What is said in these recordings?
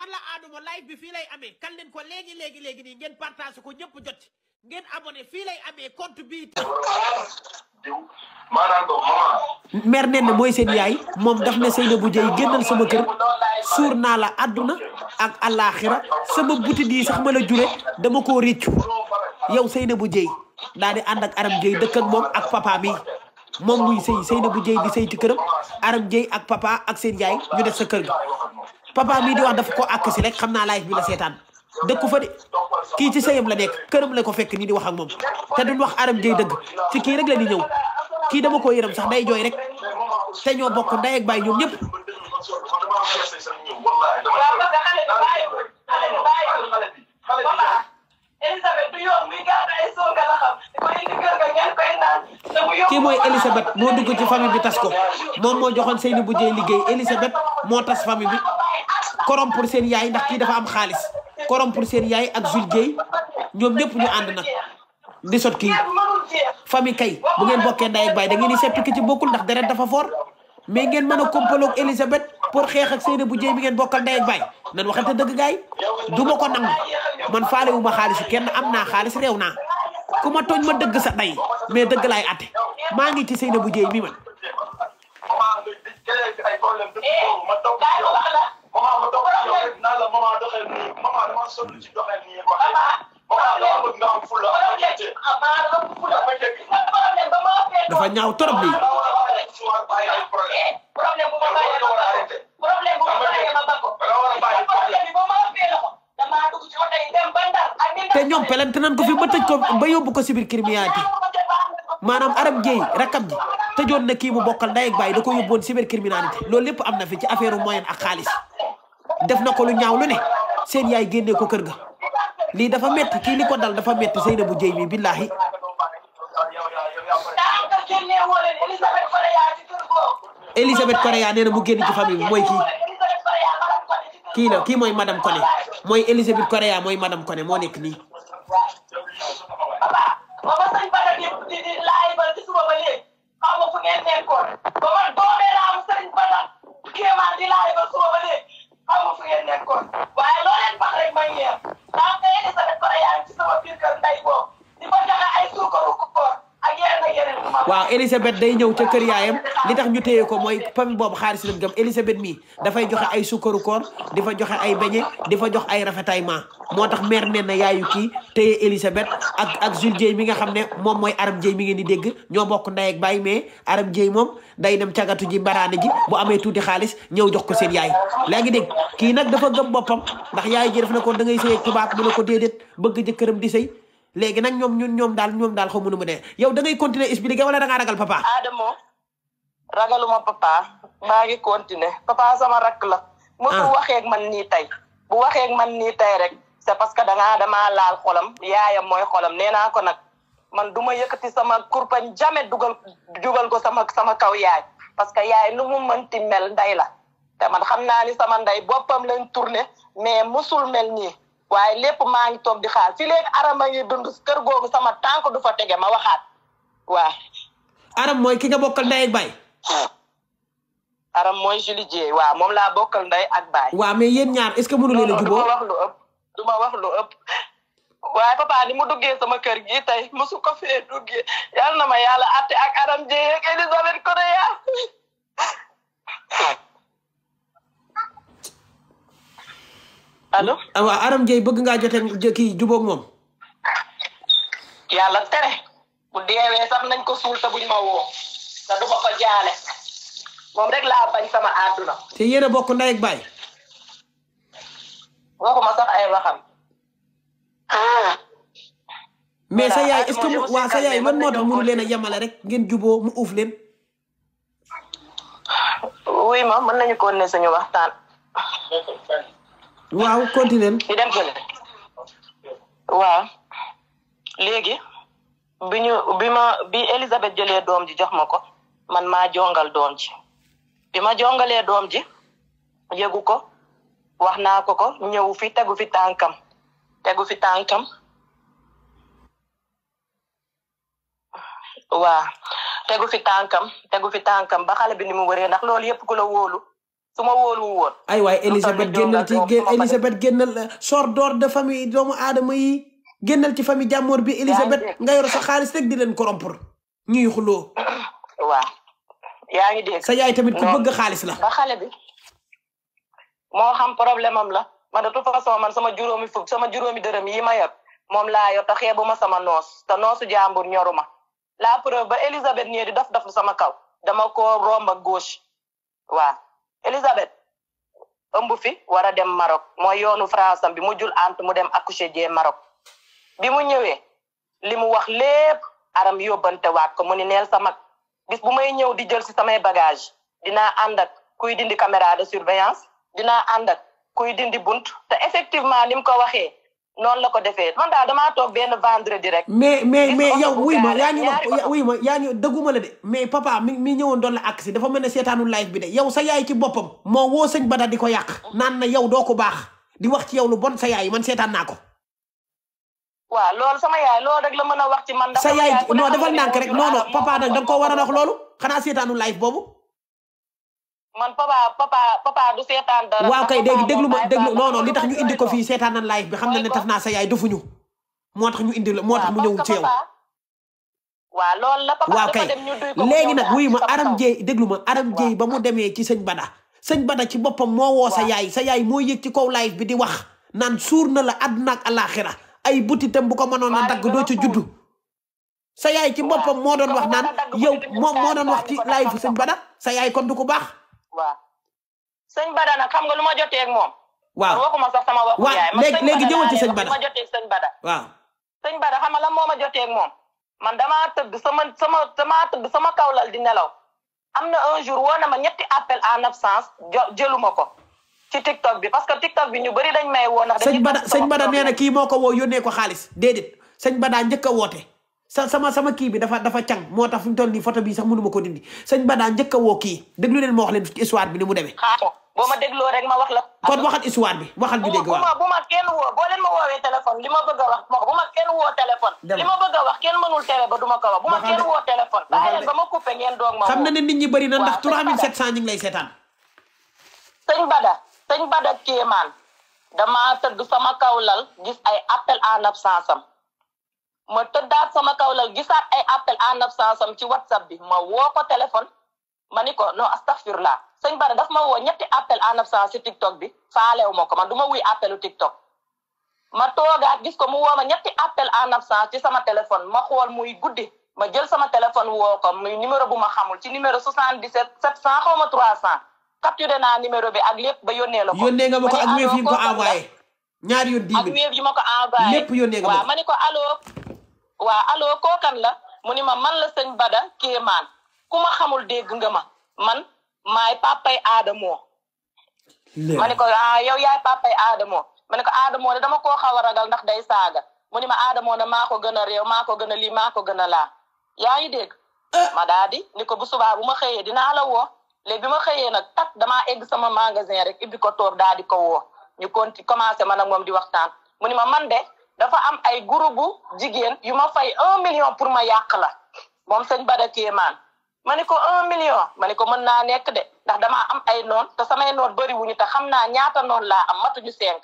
alla aaduma live bi fii lay amee kan leen ko léegi léegi léegi nii ngeen partage ko ñëpp jot ngeen abonné fii amee compte bi. mère Ndéné mooy seen yaay moom daf ne Seynabou Dieye génnal sama kër suur naa la àdduna ak àllaaxira sama butit yi sax ma la jure dama koo réccu yow bu Dieye daal di ànd ak Aram Dieye dëkk ak moom ak papa mi moom muy sëy Seynabou Dieye di sëy ci këram Aram ak papa ak seen yaay ñu def sa kër ga. papa mii di wax dafa ko àkk si rek xam naa live bi la seetaan dëkku fa de kii ci sëyam la nekk këram la ko fekk nii di wax ak moom te duñ wax aram jëy dëgg ci kii rek la di ñëw kii dama ko yërëm sax day jooy rek te ñoo bokk ndey ak baay ñoom kii mooy Elisabeth moo dugg ci famille bi tas ko moom moo joxoon Seyni bu jëy liggéey Elisabeth moo tas famille bi corrompre seen yaay ndax kii dafa am xaalis corrompre seen yaay ak Jules Guèye ñoom ñëpp ñu ànd nag di sot kii famille kay bu ngeen bokkee ndey ak baay da ngeen di seppi ki ci bokkul ndax deret dafa fort mais ngeen mën a kompaloog Elisabeth pour xeex ak Seyna bu Dieng mi ngeen bokkal ndey ak baay nan waxante dëgg gaay du ma ko nangu man faale wu ma xaalis kenn am naa xaalis réew naa ku ma tooñ ma dëgg sa day mais dëgg laay atte maa ngi ci Seyna bu Dieng mi man. Eh, maman ma doxee yow rek naan la maman doxee nii maman dama bi. problème bu ba Ndar ko fi ba tëj ko ba yóbbu ko si biir criminalité maanaam Arame Dieye rakam ji na kii mu bokkal ndey ak baay da ko yóbbuwoon cybercriminalité loolu lépp am na fi ci affaire moyen ak xaalis def na ko lu ñaaw lu ne seen yaay génnee ko kër ga lii dafa mett kii li ko dal dafa metti Seynabou Dieye mi billahi Elisabeth Korea nee na mu génn ci famille mooy kii kii la kii mooy madame Koné mooy Elisabeth Korea mooy madame Koné moo nekk nii xaw fu ngeen nekkoon waaye loo leen wax rek ma ñeew tant que yéen a sa def ko ay ci sama biir kër nday boobu di ko waaw Elisabeth day ñëw ca kër yaayam di tax ñu téye ko mooy famille boobu xaalis lañ gëm Elisabeth mii dafay joxe ay sukkaru koor di fa joxe ay beñe di jox ay rafetaillement moo tax mère nee na yaayu kii téye Elisabeth ak ak Jules Dieye mi nga xam ne moom mooy Aram Dieye mi ngeen di dégg ñoo mbokk ndey ak baay mais Aram Dieye moom day dem cagatu ji mbaraane ji boo amee tuuti xaalis ñëw jox ko seen yaay laa ngi dégg kii nag dafa gëm boppam ndax yaay ji def na ko da ngay sëy tubaab mu ne ko déedéet bëgg jëkkëram di sëy léegi nag ñoom ñun ñoom daal ñoom daal xaw ma nu mu ne yow da ngay continuer expliquer wala da ngaa ragal papa. Adamo ragaluma papa maa ngi continuer papa sama rakk la. ah mu man nii tey bu waxee man nii tey rek. c'est parce que danga ngaa damaa laal xoolam yaayam mooy xoolam nee naa ko nag man du ma yëkkati sama kurpañ jamais dugal dugal ko sama sama kaw yaay parce que yaay nu mu mënti mel ndey la te man xam naa ni sama ndey boppam lañ tourné mais musul mel nii waaye lépp maa ngi toog di xaar fi léegi arama ngi dund kër googu sama tànk du fa tege ma waxaat waaw. aram mooy ki nga bokkal ndey baay. aram mooy Julie Dieng waaw moom laa bokkal ndey ak baay. waaw mais yéen ñaar est-ce que mënu leen du ma wax lu ëpp du ma wax lu ëpp. waaye papa mu duggee sama kër gi tey mosu ko fee duggee yal na ma yàlla àtte ak aram Dieng ak Elisabeth Kodeya. allo ah waaw Arame bëgg ngaa jotee kii jubóog moom. yàlla tere bu deewee sax nañ ko suul te buñ ma woo te du ko jaale moom rek laa bañ sama àdduna. te yéen a bokk ndey ak baay. Ah. mais sa yaay est-ce waa sa yaay man moo leen a yemale rek ngeen juboo mu uuf leen. oui ma mën nañu ko ne suñu waxtaan. waaw continué. ñu dem fële. waaw léegi bi ñu bi ma bi Elisabeth jëlee doom ji jox ma ko man maa jongal doom ji bi ma jongalee doom ji yëgu ko wax naa ko ko ñëw fi tegu fi tànkam tegu fi tànkam waaw tegu fi tànkam tegu fi tànkam ba xale bi ni mu wëree ndax loolu yëpp ku la woolu su ma wóolu woon. ay waay Elisabeth génnal ci Elisabeth génnal sor door de famille doomu aadama yi génnal ci famille jàmmoor bi Elisabeth nga yor sa xaalis rek di leen corrompre ñuy xuloo. waaw yaa ngi dégg. sa yaay tamit ku bëgg xaalis la. xale bi moo xam problème am la man de toute man sama juróomi fukk sama juróomi dërëm yi ma yor moom laa yor te xeebu ma sama noos te noosu jàmbur ñoru ma la preuve ba Elisabeth ñëwee di daf daf sama kaw dama ko romb ak gauche waaw. Elisabeth ëmb fi war a dem Maroc mooy yoonu France am bi mu jul ant mu dem accoucher jee Maroc bi mu ñëwee li mu wax lépp aram yóbbante waat ko mu ni neel sa mag bis bu may ñëw di jël si samay bagage dinaa ànd ak kuy dindi caméra de surveillance dinaa ànd kuy dindi bunt te effectivement ni mu ko waxee noonu la ko defee man daal damaa toog benn vendredi rek. mais mais mais yow wuy ma yaa ngi ma wuy ma yaa ngi dëgguma la de. mais papa mi mi ñëwoon doon la àgg si dafa mën a seetaanu live bi de yow sa yaay ci boppam moo woo sëñ Bada di ko yàq. naan na yow doo ko baax di wax ci yow lu bon sa yaay man seetaan naa ko. waaw loolu sama loolu rek la mën a wax ci man. sa yaay non defal ndànk rek non papa nag da nga koo war a wax loolu xanaa seetaanu live boobu. man papa papa papa du seetaan dara. waaw kay dégg déglu ma déglu non li tax ñu indi ko fii seetaan na live bi xam na ne taf naa sa yaay defuñu moo tax ñu indi la moo tax mu ñëwul ci yow. waaw loolu la papa nag wuyu ma aram jéey déglu ma aram jéey ba mu demee ci sëñ Bada sëñ Bada ci boppam moo woo sa yaay sa yaay moo yëg ci kaw live bi di wax naan suur na la àdduna ak alaaxira ay butitam bu ko mënoon a dagg doo ci juddu. sa yaay ci boppam moo doon wax naan yow moo doon wax ci live sëñ Bada sa yaay kon ko baax waaw sëñ Bada nag xam nga lu ma jotee ak moom. waaw waxuma sax sama waxu yaay. waaw léegi léegi jëwal ci sëñ Bada ma jotee sëñ Bada. waaw sëñ Bada xam nga lan moo ma jotee ak moom man damaa tëdd sama sama damaa sama kawlal di nelaw am na un jour woo na ma ñetti appel en absence jëluma ko. ci TikTok bi parce que TikTok bi ñu bari dañ may woo. ndax dañuy sëñ Bada na kii moo ko woo yónnee ko xaalis déedéet sëñ Bada njëkk a woote. sa sama sama kii bi dafa dafa càng moo tax fi mu toll nii photo bi sax mënu ma ko dindi sëñ Bada njëkk a woo kii déglu leen ma leen histoire bi ni mu demee. xaaral ah, boo ma dégloo rek ma wax la. kon waxal histoire bi waxal ñu dégg waaw bu ma bu ma kenn woo boo ma woowee téléphone li ma bëgg a wax ma ko bu ma kenn woo téléphone. li ma a wax kenn mënul tere ba du ma ko wax. bu ma kenn woo téléphone. bàyyi leen ba ma coupé ngeen doog ma woo. xam na ne nit ñi bëri na ndax 3700 ñu ngi lay seetaan. sëñ Bada sëñ Bada sama kaw lal gis ay appel en absence am ma tëddaat sama kaw lal gisaat ay appel en absence am ci whatsapp bi ma woo ko téléphone ma ni ko non astaghfirullah sëñ Bara daf ma woo ñetti appel en absence ci tiktok bi faalewu ma ko ma du ma wuy appelu tiktok ma toogaat gis ko mu woo ma ñetti appel en absence ci sama téléphone ma xool muy guddi ma jël sama téléphone woo ko muy numéro bu ma xamul ci numéro 77 700 xaw ma 300 capturé na numéro bi ak lépp ba yónnee la ko. yónnee nga ak yi ma lépp yónnee nga waa allo kookan la mu ni ma man la sëñ Bada Kéemaan ku ma xamul dégg nga ma man maay papay Adamo ma ne ko ah yow yaay papay Adamo ma ne ko Adamo ne dama koo xaw a ragal ndax day saaga mu ni ma Adamo na maa ko gën a réew maa ko gën a lii maa ko gën a laa yaa ngi dégg eh. ma daa di ni ko bu subaa bu ma xëyee dinaa la woo léegi bu ma xëyee nag tak damaa egg sama magasin rek ibbi ko toor daa di ko woo ñu konti commencé man ak moom di waxtaan mu ni ma man de dafa am ay groupe jigéen yu ma fay un million pour ma yàq la moom sëñ Bada Kéemaan ma ne ko un million ma ne ko mën naa nekk de ndax damaa am ay noon te samay noon bëri wuñu te xam naa ñaata noon laa am matuñu cinq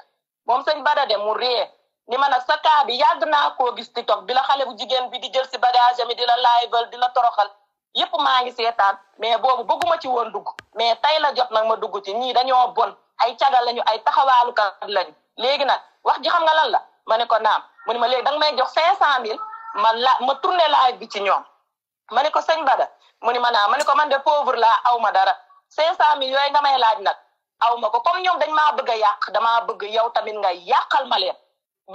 moom sëñ Bada de mu ree ni ma a sa kaa bi yàgg naa koo gis TikTok bi la xale bu jigéen bi di jël si bagage mi di la live di la toroxal yépp maa ngi seetaan mais boobu bëgguma ci woon dugg mais tey la jot nag ma dugg ci ñii dañoo bon ay cagal lañu ay taxawaalukat lañu léegi nag wax ji xam nga lan la ma ne ko naam mu ma léegi danga may jox cinq cent mille ma la ma tourné live bi ci ñoom ma ne ko sëñ Bada mu ne ma naam ma ne ko man de pauvre laa aw ma dara cinq cent mille yooyu nga may laaj nag aw ma ko comme ñoom dañ maa bëgg a yàq damaa bëgg yow tamit nga yàqal ma leen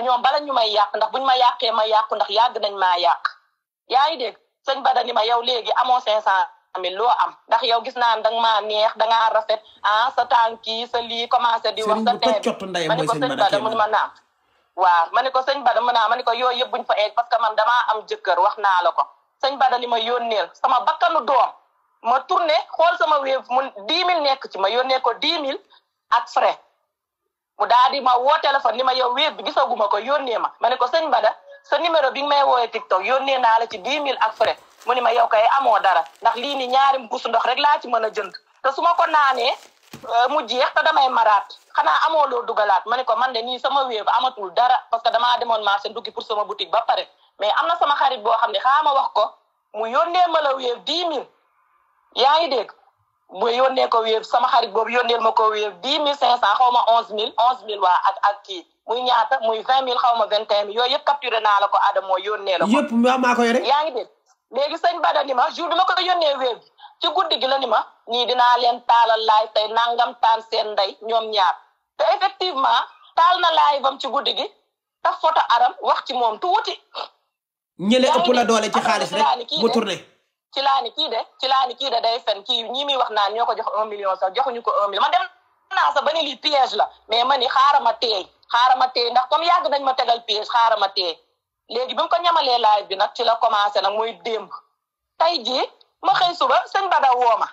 ñoom bala ñu may yàq ndax buñ ma yàqee ma yàqu ndax yàgg nañ maa yàq yaa ngi dégg sëñ Bada ni ma yow léegi amoo cinq cent mille loo am ndax yow gis naa danga maa neex dangaa rafet ah sa tànk yi sa lii commencé di wax sa teem ma ne ko sëñ Bada mu ma naam waaw ma ne ko sëñ Bada mën naa ma ne ko yooyu yëpp buñ fa eeg parce que man damaa am jëkkër wax naa la ko sëñ Bada li ma yónneel sama bakkanu doom ma tourné xool sama wéef mu dix mille nekk ci ma yónnee ko dix mille ak frais mu daal di ma woo téléphone ni ma yow wéef bi gisaguma ko yónnee ma ma ne ko sëñ Bada sa numéro bi nga may woowee TikTok yónnee naa la ci dix mille ak frais mu ni ma yow kay amoo dara ndax lii ni ñaari mbuusu ndox rek laa ci mën a jënd te su ma ko naanee euh, mu jeex te xanaa amoo loo dugalaat ma ne ko man de nii sama wéef amatul dara parce que damaa demoon marché nduggi pour sama boutique ba pare mais am na sama xarit boo xam ne xaa ma wax ko mu yónnee ma la wéef dix mille yaa ngi dégg mu yónnee ko wéef sama xarit boobu yónneel ma ko wéef dix mille cinq cent xaw ma onze mille onze mille waa ak ak kii muy ñaata muy vingt mille xaw ma vingt et mille yooyu yëpp capturé naa la ko Adamo yónnee la ko. yëpp maa maa ngi dégg léegi sëñ Bada ma ko yónnee wéef bi ci guddi gi la ni ma ñii dinaa leen taalal laay tey nangam taan seen ndey ñoom ñaar te effectivement taal na laay bam ci guddi gi taf foto aram wax ci moom tuuti. ñële ëpp la doole ci xaalis rek mu tourné. ci laa ni kii de ci laa ni kii de day fen kii ñi muy wax naan ñoo ko jox un million sax joxuñu ko un million man dem naa sax ba ni lii piège la mais ma ni xaaral ma teey xaaral ma teey ndax comme yàgg nañ ma tegal piège xaaral ma teey léegi bi ko ñamalee live bi nag ci la commencé nag muy démb tey ma xëy suba sëñ Bada woo ma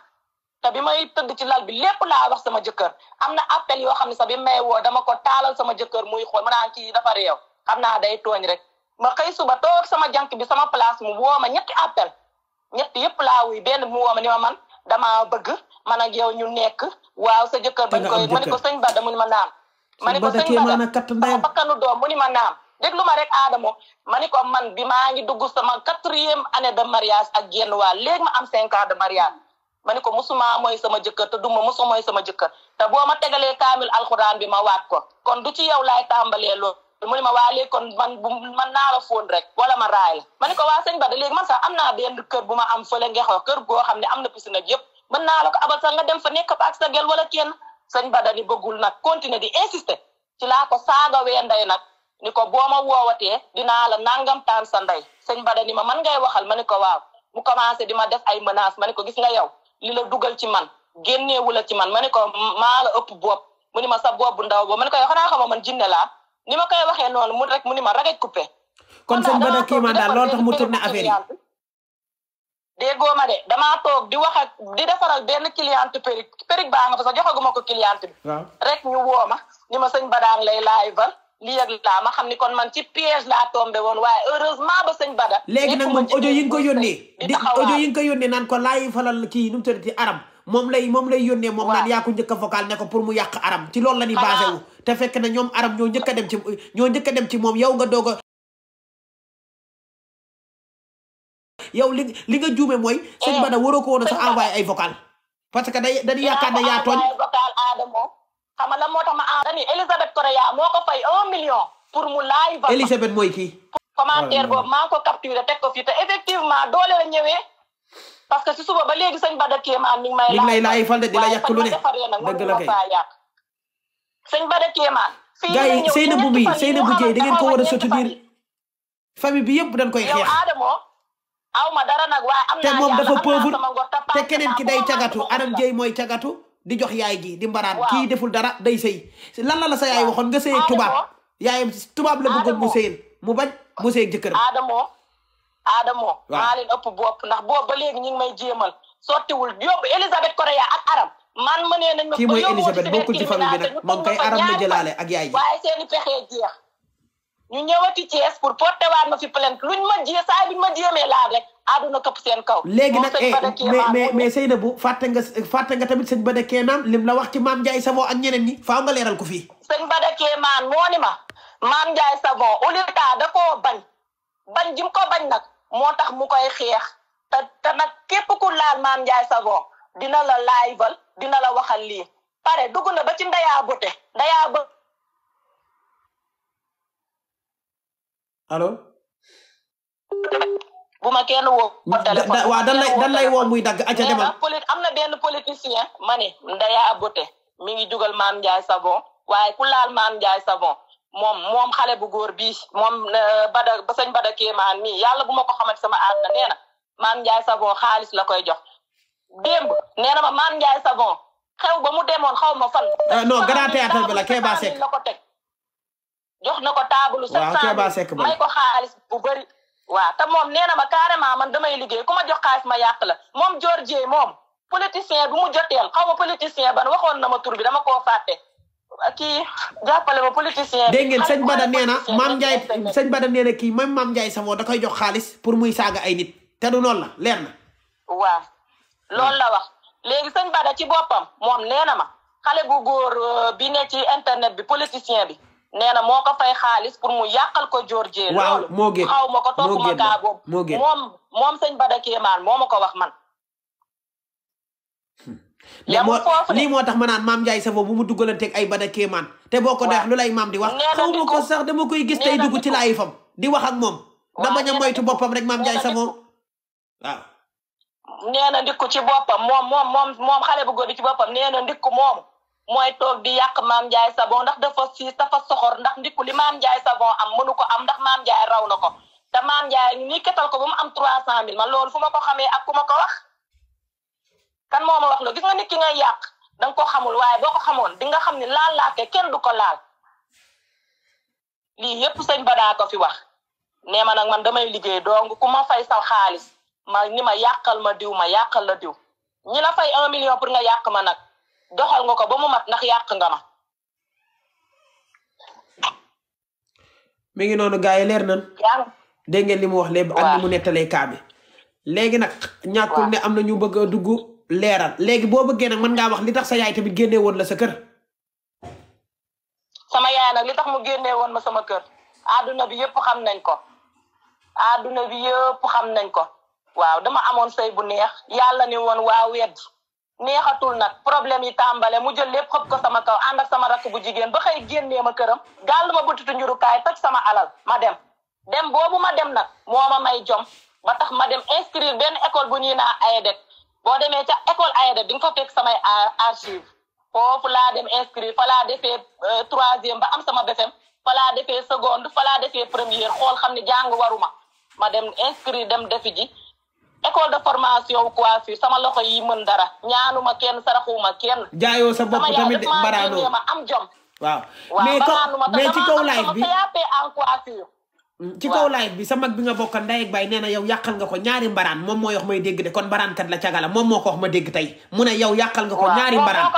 te bi may tëdd ci lal bi lépp laa wax sama jëkkër am na appel yoo xam ne sax bi may woo dama ko taalal sama jëkkër muy xool ma naa kii dafa réew xam naa day tooñ rek ma xëy suba toog sama jànk bi sama place mu woo ma ñetti appel ñetti yëpp laa wuy benn bi mu woo ma ni ma man damaa bëgg man a yow ñu nekk waaw sa jëkkër bañ koy ma ni ko sëñ Bada mu ni ma naam ma ni ko sëñ Bada bakkanu doom mu ni ma naam déglu ma rek Adamo ma ni ko man bi maa ngi dugg sama quatrième année de mariage ak génn waa léegi ma am cinq ans mariage ma ni ko musuma mooy sama jëkkër te duma musu mooy sama jëkkër te boo ma tegalee kaamil alxuraan bi ma waat ko kon du ci yow laay tàmbalee loolu mu ne ma waa kon man bu man naa la fóon rek wala ma raay la ma ni ko waa sëñ Bada léegi man sax am naa benn kër bu ma am fële ngexoo kër goo xam ne am na piscine ak yëpp mën naa la ko abal sax nga dem fa nekk fa ak sa wala ken sëñ Bada ni bëggul nag continuer di insister ci laa ko saaga wee ndey nag ni ko boo ma woowatee dinaa la nangam taan sa ndey sëñ Bada ni ma man ngay waxal ma ni ko waaw mu commencé di ma def ay menaces ma ni ko gis nga yow li la dugal ci man génneewu wula ci man ma ni ko maa la ëpp bopp mu ni ma sa bopp bu ndaw ba ma ni ko yow xanaa xama man jinne laa ni ma koy waxee noonu mu rek mu ni ma ragaj coupé. kon sëñ Bada kiiman daal loolu tax mu tourné affaire yi. déggoo ma de damaa toog di wax ak di defaral benn cliente périg périg baa nga fa sax joxaguma ko cliente bi. rek ñu ma ma sëñ Bada lay laay lii ak xam ni kon man ci piège laa tombé woon léegi nag moom audio yi nga ko yónnee. di yi nga ko yónnee naan ko laay falal kii nu mu tuddati aram. moom lay moom lay yónnee moom naan yaa ko njëkk a vocal ne ko pour mu yàq aram ci loolu la ni basé wu te fekk na ñoom aram ñoo njëkk a dem ci ñoo njëkk a dem ci moom yow nga doog a yow li li nga juume mooy sëñ eh, Bada waroo ko woon a sax envoyé ay vocal parce que day dañuy yaakaar ne xam nga la moo tax ma en dani Elisabeth Korea moo ko fay un million pour mu live Elisabeth mooy kii commentaire boobu maa ngi ko capturé teg ko fii te effectivement doole la ñëwee parce que si suba ba léegi sëñ Bada Kéemaan mi ngi may. lay laay fal de di la yàq lu ne dëgg la kay sëñ Bada Kéemaan. fii la ñëw ci ñetti fan da ngeen ko war a soutenir famille bi yëpp dañ koy xeex. yow ma dara nag waaye am naa yàlla am naa sama te moom dafa pauvre te keneen ki day cagatu Adam Dieye mooy cagatu. di jox yaay gi di mbaraan kii deful dara day sëy lan la la sa yaay nga sëyeeg tubaab yaayam tubaab la bëggoon mu sëyeen mu bañ mu sëyeeg jëkkër aadamoo aadamoo maa leen ëpp bopp ndax boobu ba léegi ñu may jéemal sottiwul yóbbu Elisabeth Korea ak aram man ma nee nañ ma kii mooy Elisabeth bokkul ci famille bi nag moom kay aram la jëlaale ak yaay gi waaye seeni ñu ñëwati Thiès pour porter waat ma fi plainte luñ ma jiyee saa buñ ma jéemee laa rek na këpp seen kaw. léegi nag eh, mais mais Seynabou fàtte nga fàtte nga tamit sëñ Bada Kéemaan lim la wax ci maam Ndiaye Savon ak ñeneen ñi faa nga leeral ko fi sëñ Bada Kéemaan moo ni ma maam Ndiaye Savon au lieu da koo bañ bañ jim ko bañ nag moo tax mu koy xeex te te nag képp ku laal maam Ndiaye Savon dina la laayval dina la waxal lii pare dugg na ba ci ndeyaa bote ndeyaa ba. allo. bu ma kenn woo. téléphone waaw dan lay dan muy dagg. acca demal mais am na benn politicien. ma ne Ndeya Abote mi ngi jugal Maam Ndiaye Savon waaye ku laal Maam Ndiaye Savon moom moom xale bu góor bi moom euh, Bada ba sëñ Bada Kéemaan mii yàlla bu ma ko xamante sama àdduna nee na Maam Ndiaye Savon xaalis la koy jox. démb nee na ma Maam Ndiaye Savon xew ba mu demoon xaw ma fan. Euh, non grand théâtre bi la Kéba Seck la ko teg na ko taabalu. waaw may ko xaalis bu bëri. waaw te moom nee na ma carrément man damay liggéey ku ma jox xaalis ma yàq la moom Georgie moom politicien bi mu joteel xaw ma politicien ban waxoon na ma tur bi dama koo fàtte kii jàppale ma politicien. dégg ngeen sëñ Bada nee na maam Ndiaye sëñ Bada nee na kii même maam Ndiaye Savon da koy jox xaalis pour muy saaga ay nit te du noonu la leer na. waaw loolu la wax léegi sëñ Bada ci boppam moom nee na ma xale bu góor euh, bi ne ci internet bi politicien bi. nee na moo ko fay xaalis pour mu yàqal ko Dior Dieng. waaw moo gën xaw ma ko topp ma gaa moo moom moom sëñ Bada Kéemaan moo ma ko wax man. Hmm. yamul foofu lii moo tax ma naan maam Ndiaye Savon bu mu duggalanteeg ay Bada Kéemaan. te boo ko deex lu lay maam di wax. xaw ma ko sax dama koy gis tey dugg ci laay fam di wax ak moom. na bañ moytu boppam rek maam Ndiaye Savon waaw. na ndikku ci boppam moom moom moom moom xale bu ci boppam nee na ndikku moom. mooy toog di yàq maam Ndiaye Savon ndax dafa siis dafa soxor ndax ndiku li maam Ndiaye Savon am mënu ko am ndax maam Ndiaye raw na ko te maam Ndiaye ñu ni ketal ko ba mu am trois cent mille ma loolu fu ma ko xamee ak ku ma ko wax kan moo ma wax la gis nga nit ki ngay yàq danga ko xamul waaye boo ko xamoon di nga xam ne laal laake kenn du ko laal lii yépp sëñ badaa ko fi wax ne ma nag man damay liggéey donc ku ma fay sa xaalis ma ni ma yàqal ma diw ma yàqal la diw ñi la fay un pour nga yàq ma nag doxal nga ko ba mu mat ndax yàq nga ma. mu ngi noonu gars yi leer nan dégg ngeen li mu wax lépp. ak ni mu nettalee kaa bi. léegi nag. ñàkkul ne am na ñu bëgg a dugg leeral. léegi boo bëggee nag mën ngaa wax li tax sa yaay tamit génnee la sa kër. sama yaay nag li tax mu génnee woon ma sama kër. adduna bi yëpp xam nañ ko. adduna bi yëpp xam nañ ko. waaw dama amoon say bu neex yàlla ni woon waa yedd neexatul nag problème yi tàmbale mu jël lépp xëpp ko sama kaw ànd ak sama rakk bu jigéen ba xëy génnee ma këram gàll ma bëtutu njurukaay toj sama alal ma dem dem boobu ma dem nag moo ma may jom ba tax ma dem inscrire benn école bu ñuy naa AEDEC boo demee ca école AEDEC di nga fa fekk samay archive foofu laa dem inscrire fa laa defee euh, troisième ba am sama BFEM fa laa defee seconde fa laa defee première xool xam ne jàng waruma ma dem inscrire dem defi ji école de formation coiffure sama loxo yi mën dara ñaanuma kenn saraxuma kenn. jaayoo sa bopp tamit baraanoo ma am jom. waaw mais ko mais ci kaw live bi en coiffure. ci kaw live bi sa mag bi nga nee na yow yàqal nga ko ñaari mbaraan moom moo may dégg de kon mbaraankat la cagala moom moo ko ma dégg tey mu ne yow yàqal nga ko. ñaari mbaraan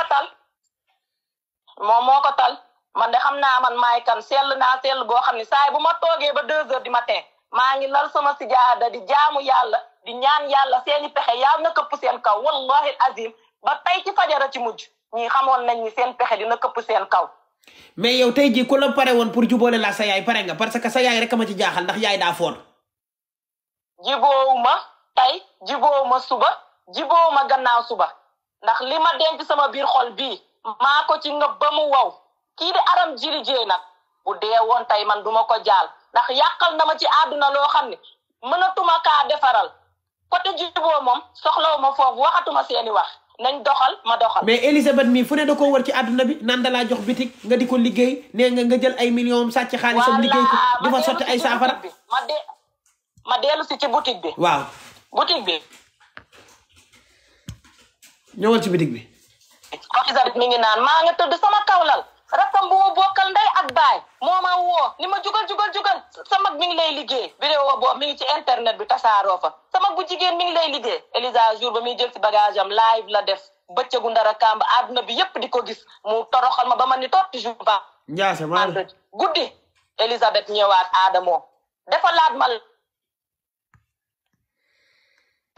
moom moo ko tal. man de xam naa man maay kan sell naa sell boo xam ne saa bu ma toogee ba deux heures du matin maa ngi lal sama sijaada di jaamu yàlla. di ñaan yàlla seeni pexe yàlla na këpp seen kaw wallahi azim ba tey ci fajara ci mujj ñi xamoon nañ ni seen pexe dina këpp seen kaw. mais yow tey jii ku la pare woon pour jubóole la sa yaay pare nga parce que sa yaay rek a ci jaaxal ndax yaay daa foon. jiboowuma tey jiboowuma suba jiboowuma gannaaw suba ndax li ma denc sama biir xol bi maa ko ci ngëb ba mu wow kii di aram jiri jee nag bu dee woon tey man duma ko jaal ndax yàqal na ma ci àdduna loo xam ne côté jubóo moom soxlawuma foofu waxatuma seeni wax nañ doxal ma doxal. mais Elisabeth mii fu ne da koo wër ci àdduna bi naan da jox bitig nga di ko liggéey nee nga nga jël ay millions sàcc xaalisam liggéey ko di fa sotti ay saafara. ma ma dellu si ci boutique bi. waaw boutique bi. ñëwal ci bitig bi. Elisabeth mi ngi naan maa nga tëdd sama kawlal rakam bu ma bokkal ndey ak moo ma woo ni ma jugal jugal jugal sa mag ngi lay liggéey vidéo boobu mi ngi ci internet bi tasaaroo fa sa mag bu jigéen mi ngi lay liggéey Elisa jour ba muy jël si bagage am live la def bëccëgu ndara kàmb àdduna bi yépp di ko gis mu toroxal ma ba man ni torti jour ba guddi Elisabeth ñëwaat aadamoo defalaat ma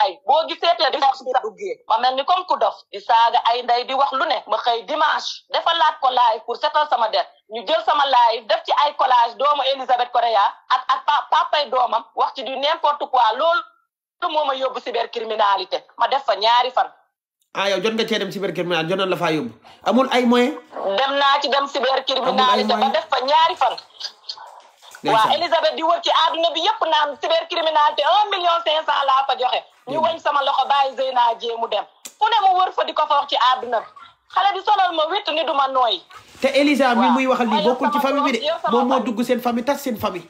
ay boo gisee te divorce bi duggee ma ni comme ku dof di saaga ay ndey di wax lu ne ma xëy dimanche laat ko live pour setal sama der ñu jël sama live def ci ay collage doomu Elisabeth Correa a ak papay doomam wax ci du n'importe quoi lool moom ma yóbbu cybercriminalité ma def fa ñaari fan ah yow jot nga cee dem cybercriminalité jot nañ la faa yóbbu amul ay moyen dem naa ci dem cybercriminalité ba def fa ñaari fan waaw Elisabeth di wër ci àdduna bi yëpp naan cybercriminalité un million cinq cent laa fa joxe ñu sama loxo bàyyi Zeyna Dieng mu dem fu ne mu wër fa di ko fa wax ci àdduna bi xale bi solal ma witt ni du ma nooy te Elisa mi muy waxal li bokkul ci famille bi de moom moo dugg seen famille tas seen famille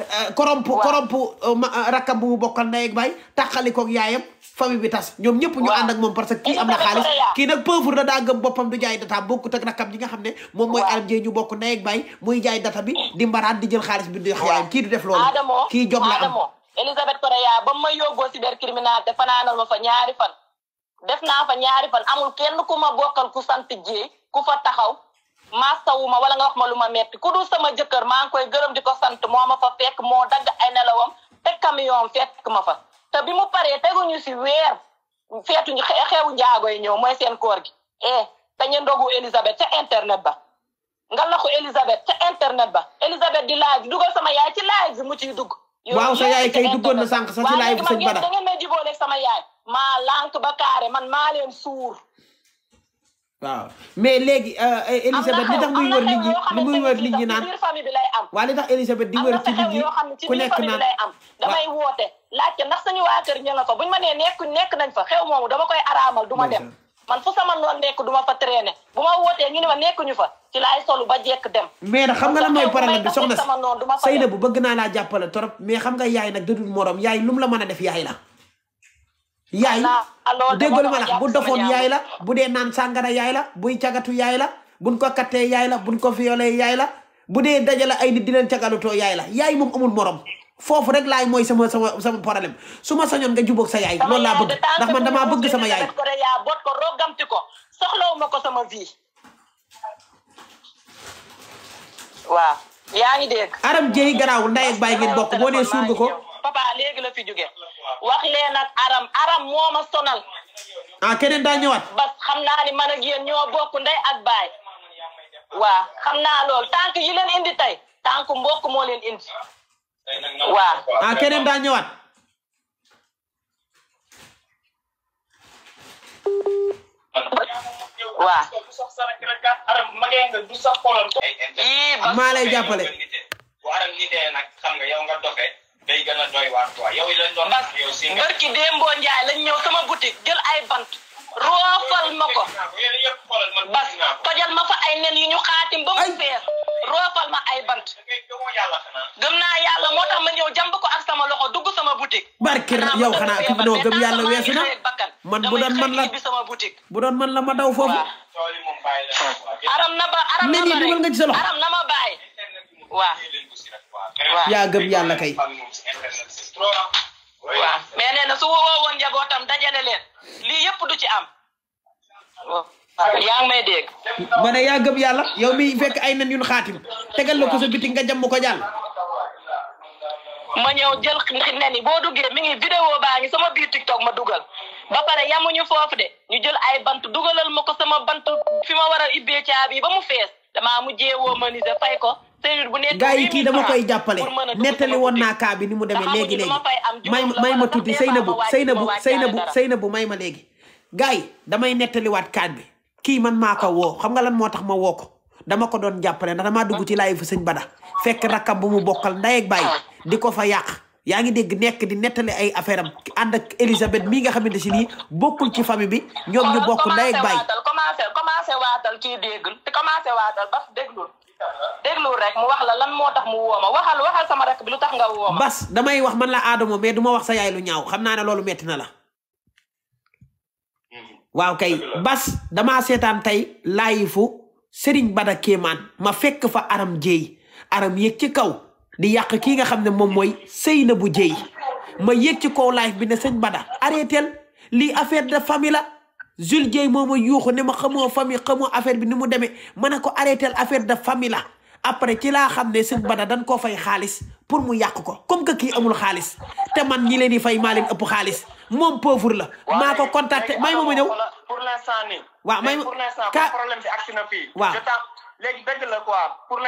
Eh, koromp koromp eh, eh, rakkam bu mu bokkal ndey ak baay tàqali koog yaayam famille bi tas ñoom ñëpp ñu ànd ak moom parce que kii am na xaalis kii nag pauvre da daa gëm boppam du jaay data bokkut ak rakkam ji nga xam ne moom mooy alam jee ñu bokk ndey ak baay muy jaay data bi di mbaraat di xaalis bi di wax yaayam kii du def loolu kii jom la am Elisabeth Korea ba ma yóbboo cybercriminalité fanaanal ma fa ñaari fan def naa fa ñaari fan amul kenn ku ma bokkal ku sant jee ku fa taxaw maa massawuma wala nga wax ma lu ma metti ku dul sama jëkkër maa ngi koy gërëm di ko sant moo ma fa fekk moo dagg ay nelawam te camion fekk ma fa te bi mu paree ñu si weer xew xewu yi ñëw mooy seen koor gi eh te ñu ndogu Elisabeth ca internet ba nga laxu Elisabeth ca internet ba Elisabeth di laaj dugal sama yaay ci laaj bi mu ciy dugg waaw sa yaay kay duggoon na sànq sax ci laaj bi sëñ Bada waaw léegi man da ngeen may jibooleeg sama yaay maa lànk ba kaare man maa leen suur waaw mais léegi euh, euh, Elisabeth li tax muy wër nit ñi li muy wër nit ñi naan waaw li tax Elisabeth di wër ci nit ñi ku nekk naan am damay woote laajte ndax suñu waa kër ña nga fa buñ ma nee nekk nekk nañ fa xew moomu dama koy araamal du ma dem man fu sama noon nekk du ma fa traîner bu ma wootee ñu ne ma nekkuñu fa ci laay solu ba jekk dem mais nag xam nga lan mooy problème bi soxna si bu bëgg naa laa jàppale trop mais xam nga yaay nag dadul morom yaay lu la mën a def yaay la yaay déggal ma la bu dofoon yaay la bu dee naan sàngara yaay la buy cagatu yaay la buñ ko kattee yaay la buñ ko violee yaay la bu dee dajale ay nit di leen cagalutoo yaay la yaay moom amul morom foofu rek laay mooy sama sama sama problème su ma sañoon nga jubóog sa yaay loolu laa bëgg ndax man damaa bëgg sama yaay bot ko rogamti ko soxlawuma ko sama vie ngi dégg aram jëyi garaaw ndey ak baay ngeen bokk boo nee suur nga ko papa léegi la fi wax leen ak aram aram moo ma sonal. ah keneen daa ñëwaat. bas xam naa ni man ak yéen ñoo bokk ndey ak baay. waa xam naa loolu tànk yi leen indi tey tànk mbokk moo leen indi. waa. ah keneen daa ñëwaat. yow nga day gën a doy waar quoi yow lañ doon wax yow sama boutique jël ay bant. roofal ma ko bas tojal ma fa ay nen yu ñu xaatim ba mu feer roofal ma ay bant gëm naa yàlla moo tax ma ñëw jàmb ko ak sama loxo dugg sama boutique barki yow xanaa ko noo gëm yàlla weesu na man bu doon man la bu doon man la ma daw aram na ba aram na ba aram na ma bàyyi waaw yaa gëm yàlla kay. waaw mais nee su woo njabootam dajale leen lii yëpp du ci am. Oh. yaa ngi may dégg. ma yaa gëm yàlla yow mi fekk ay nen yun xaatim tegal la ko sa bitik nga jàmm ko jàll. ma ñëw jël ne yi boo duggee mi ngi vidéo baa ngi sama biir toog ma dugal ba pare yamuñu foofu de ñu jël ay bant dugalal ma ko sama bant fi ma war a ibbee caabi ba mu fees damaa mujjee woo ma ni fay ko. gaa yi kii dama koy jàppale nettali woon na kaa bi ni mu demee léegi léegi may may ma tuuti Seynabu Seynabu Seynabu bu may ma léegi gaa yi damay nettaliwaat kaan bi kii man maa ko woo xam nga lan moo tax ma woo ko dama ko doon jàppale ndax damaa dugg ci laay fu sëñ Bada fekk rakkam bu mu bokkal ndey ak di ko fa yàq yaa ngi dégg nekk di nettali ay affaire am ànd ak Elisabeth mii nga xamante si nii bokkul ci famille bi ñoom ñu bokk ndey ak bàyyi. te commencé waatal ba déglu rek mu wax la lan moo tax mu woo waxal waxal sama rakk bi lu tax nga woo ma. bas damay wax man la Adamo mais du ma wax sa yaay lu ñaaw xam naa ne loolu metti na la. Mm-hmm. waaw kay bas damaa seetaan tey laayifu Serigne Bada Kéemaan ma fekk fa aram jéey aram yéeg ci kaw di yàq kii nga xam ne moom mooy sëy na bu jéey ma yéeg ci kaw live bi ne sëñ Bada arrêtel lii affaire de famille Jules Dieye moo ma yuuxu ne ma xamoo famille xamoo affaire bi ni mu demee ma ne ko arrêté affaire de famille la après ci laa xam ne sëñ Bada dañ koo fay xaalis pour mu yàq ko comme que kii amul xaalis te man ñi leen di fay maa leen ëpp xaalis la. maa ko contacté may ma ma ñëw. pour ma pour l'instant comme problème bi agsi na la quoi pour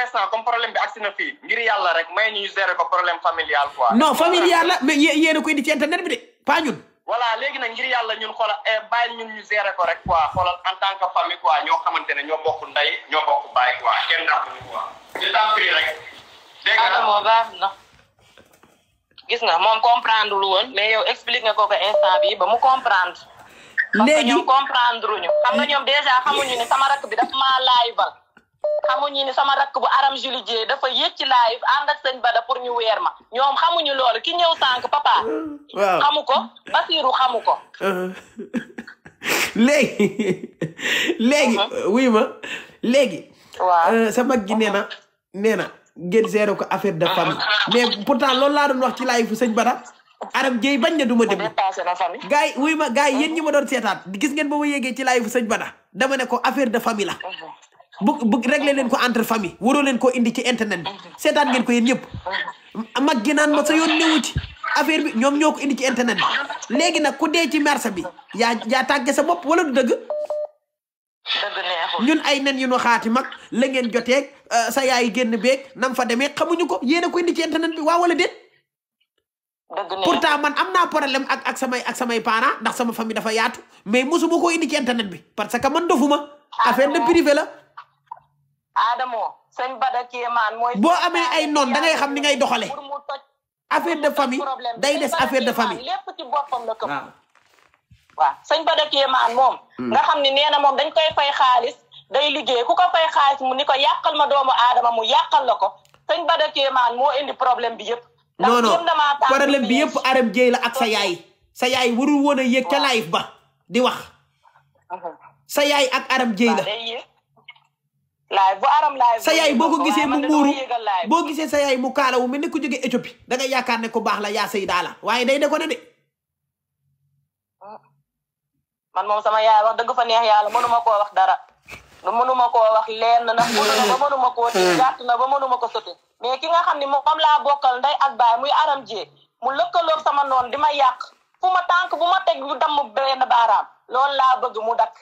l'instant familial la mais yéen indi ci bi de pas voilà léegi nag ngir yàlla ñun xoolal eh, bàyyi ñun ñu gérer ko rek quoi xoolal en tant que famille quoi ñoo xamante ne ñoo bokk ndey ñoo bokk bàyyi quoi kenn dàqu ñu quoi. ñu tàmm fii na. gis nga moom comprendre lu woon mais yow explique nga ko ko instant bi ba mu comprendre. léegi parce que ñoom comprendre ñu. xam nga ñoom déjà xamuñu ne sama rakk bi daf maa laay bal. xamuñu ni sama rakk bu aram Julie Dieng dafa yëg ci live ànd ak sëñ Bada pour ñu ma ñoom xamuñu loolu ki ñëw sànq papa. waaw xamu ko Basiru xamu ko. léegi léegi. Uh-huh. Euh, ma léegi. waaw euh, sa mag na na ngeen gérer ko affaire de laa doon wax ci live sëñ Bada. aram Dieng bañ na du ma dem. gars wuy ma gars yi yéen ñi ma doon seetaan gis ngeen ba ma yéegee ci live sëñ Bada dama ne ko affaire de famille la. Uh-huh. bu bu réglé leen ko entre famille waroo leen koo indi ci internet bi seetaan ngeen ko yéen mag gi naan ma sa yoon newu ci affaire bi ñoom ñoo ko indi ci internet bi léegi nag ku dee ci marché bi yaa yaa tàgge sa bopp wala du dëgg ñun ay nen yu ñu xaati mag la ngeen joteeg euh, sa yaay génn beeg nam fa demee xamuñu ko yéen a ko indi ci internet bi waaw wala déet pourtant man am naa problème ak ak samay ak samay parents ndax sama famille dafa yaatu mais mosuma koo indi ci internet bi parce que man dofuma affaire de privé la Adamo sëñ Bada Kéemaan mooy. boo amee ay noon da ngay xam ni ngay doxale affaire de famille day des affaire de famille. lépp ci boppam la këpp. waaw sëñ Bada Kéemaan moom. Hmm. nga xam ni nee na moom dañ koy fay xaalis day liggéey ku ko fay xaalis mu ni ko yàqal ma doomu Adama mu yàqal la ko sëñ Bada Kéemaan moo indi problème bi yëpp. non non problème bi yëpp aram jéy la ak sa yaay. sa yaay warul woon a ca live ba di wax. sa yaay ak aram jéy la. laay bu aram laay sa yaay boo ko gisee mu muuru boo gisee sa yaay mu wu mel ne ku jógee Éthiopie da nga yaakaar ne ku baax la yaa sëy daala waaye day de ko ne de. man moom sama yaay wax dëgg fa neex yàlla mënuma koo wax dara lu mënuma koo wax leen na ndax na ba mënuma koo ti hmm. gàtt mënuma ko sotti mais ki nga xam ne moom laa bokkal nday ak baay muy aram jee mu lëkkaloog sama noon di ma yàq fu ma tànk bu ma teg ñu damm benn baaraam loolu laa bëgg mu dakk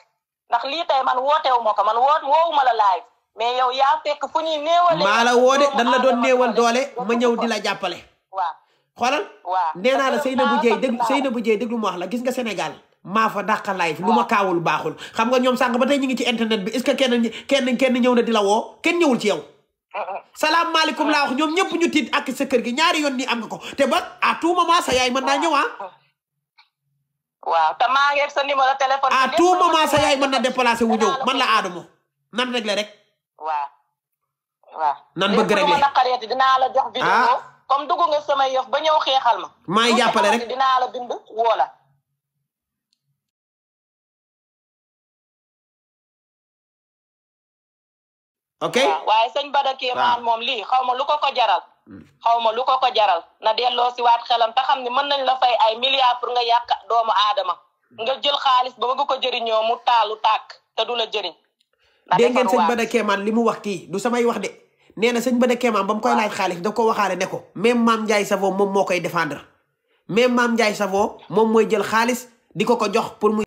ndax lii mais yow yaa fekk fu ñuy néewal. maa la woo de dan la doon néewal doole ma ñëw di la jàppale. waaw xoolal. waaw nee naa la Seynabou Dieye dégg Seynabou Dieye déglu ma wax la gis nga Sénégal. maa fa daqa live lu ma kaawul baaxul xam nga ñoom sànq ba tey ñu ngi ci internet bi est-ce que kenn kenn kenn ñëw na di la woo kenn ñëwul ci yow. salaamaaleykum la wax ñoom ñëpp ñu tiit ak sa kër gi ñaari yoon nii am nga ko te ba à tout moment sa yaay mën naa ñëw ah. waaw te maa ngi sa numéro téléphone. à tout moment sa yaay mën na déplacé wu ñëw man la Adamo nan rek la rek. waaw waaw. nan bëgg rek ma naqareeti dinaa la jox vidéo ah. comme dugg nga sama yëf ba ñëw xeexal ma. maa ngi rek dinaa la bind woo la. ok waaye sëñ Bada Kéemaan moom lii xaw ma lu ko ko jaral. Hmm. xaw ma lu ko ko jaral na delloo si waat xelam ta xam ne mën nañ la fay ay milliards pour nga yàq doomu aadama hmm. nga jël xaalis ba bëgg ko jëriñoo mu taalu tàkk te du la jëriñ. dégg ngeen sëñ Bada Kéemaan li mu wax kii du samay wax de nee na sëñ Bada Kéemaan ba mu koy laaj xaalis da ko waxaale ne ko même Maam Ndiaye Savon moom moo koy défendre même Maam Ndiaye Savon moom mooy jël xaalis di ko ko jox pour mu